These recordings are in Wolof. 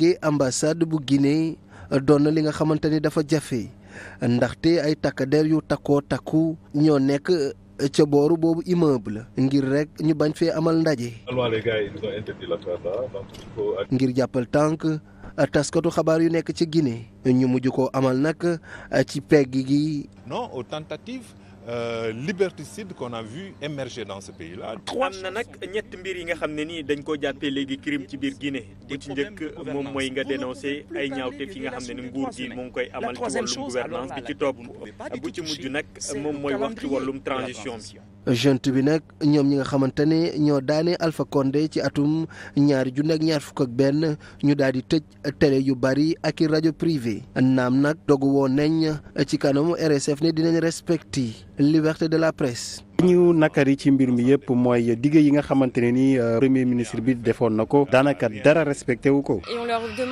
gi ambassade bu Guinée doon na li nga xamante ni dafa jafe ndaxte ay takkader yu takkoo takku ñoo nekk ca booru boobu immeuble ngir rek ñu bañ fee amal ndaje. ngir jàppal tànk taskatu xabaar yu nekk ci Guinée. ñu mujj koo amal nag ci pegg gi. non aux Euh, liberticide qu'on a vu émerger dans ce pays-là. am na nag ñett mbir yi nga xam ne nii dañ koo jàppee léegi crime ci biir Guinée bu ci njëkk moom mooy nga dénoncé ay ñaawteef yi nga xam ne ni nguur gi mu ngi koy amal ci wàllum gouvernance bi ci topp bu ci mujj nag moom mooy wax ci wàllum transition bi junte bi nag ñoom ñi nga xamante ne ñoo daane Alpha Condé ci atum ñaari junni ak ñaar fukk ak benn ñu daal di tëj télé yu bari ak i rajo privé naam nag dogu woon nañ ci kanamu RSF ne dinañ respecté liberté de la presse. ñu nakari ci mbir mi yëpp mooy digge yi nga xamante ne ni euh, premier ministre bi defoon na ko daanaka dara respecté wu ko. Euh,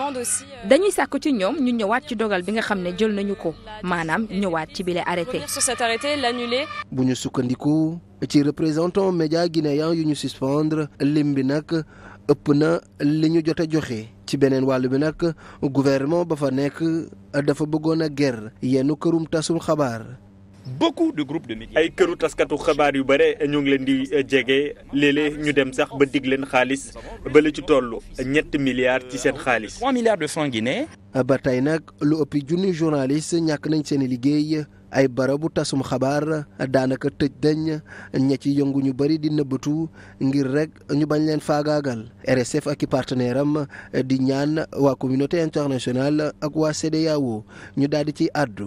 dañuy sàkk ci ñoom ñu ñëwaat ci dogal bi nga xam ne jël nañu ko maanaam ñëwaat ci bile arrêté. bu ñu sukkandiku ci représentant média guinéen yu ñu suspendre lim bi nag ëpp na li ñu jot a joxe. ci beneen wàll bi nag gouvernement ba fa nekk dafa bëggoon a ger yenn kërum tasum xabaar. beaucoup de groupes de médias. ay këru taskatu xabaar yu bare ñoo ngi leen di eh, jege léeg-léeg ñu dem sax ba dig leen xaalis ba la ci toll ñetti milliards ci seen xaalis. 3 milliards de francs guinéens. ba tey nag lu ëppi junni journaliste ñàkk nañ seen liggéey ay barabu tasum xabaar daanaka tëj dañ ña ci yëngu ñu bëri di nëbbatu ngir rek ñu bañ leen faagaagal RSF ak i partenaire am di ñaan waa communauté internationale ak waa CEDEAO ñu daal di ciy àddu.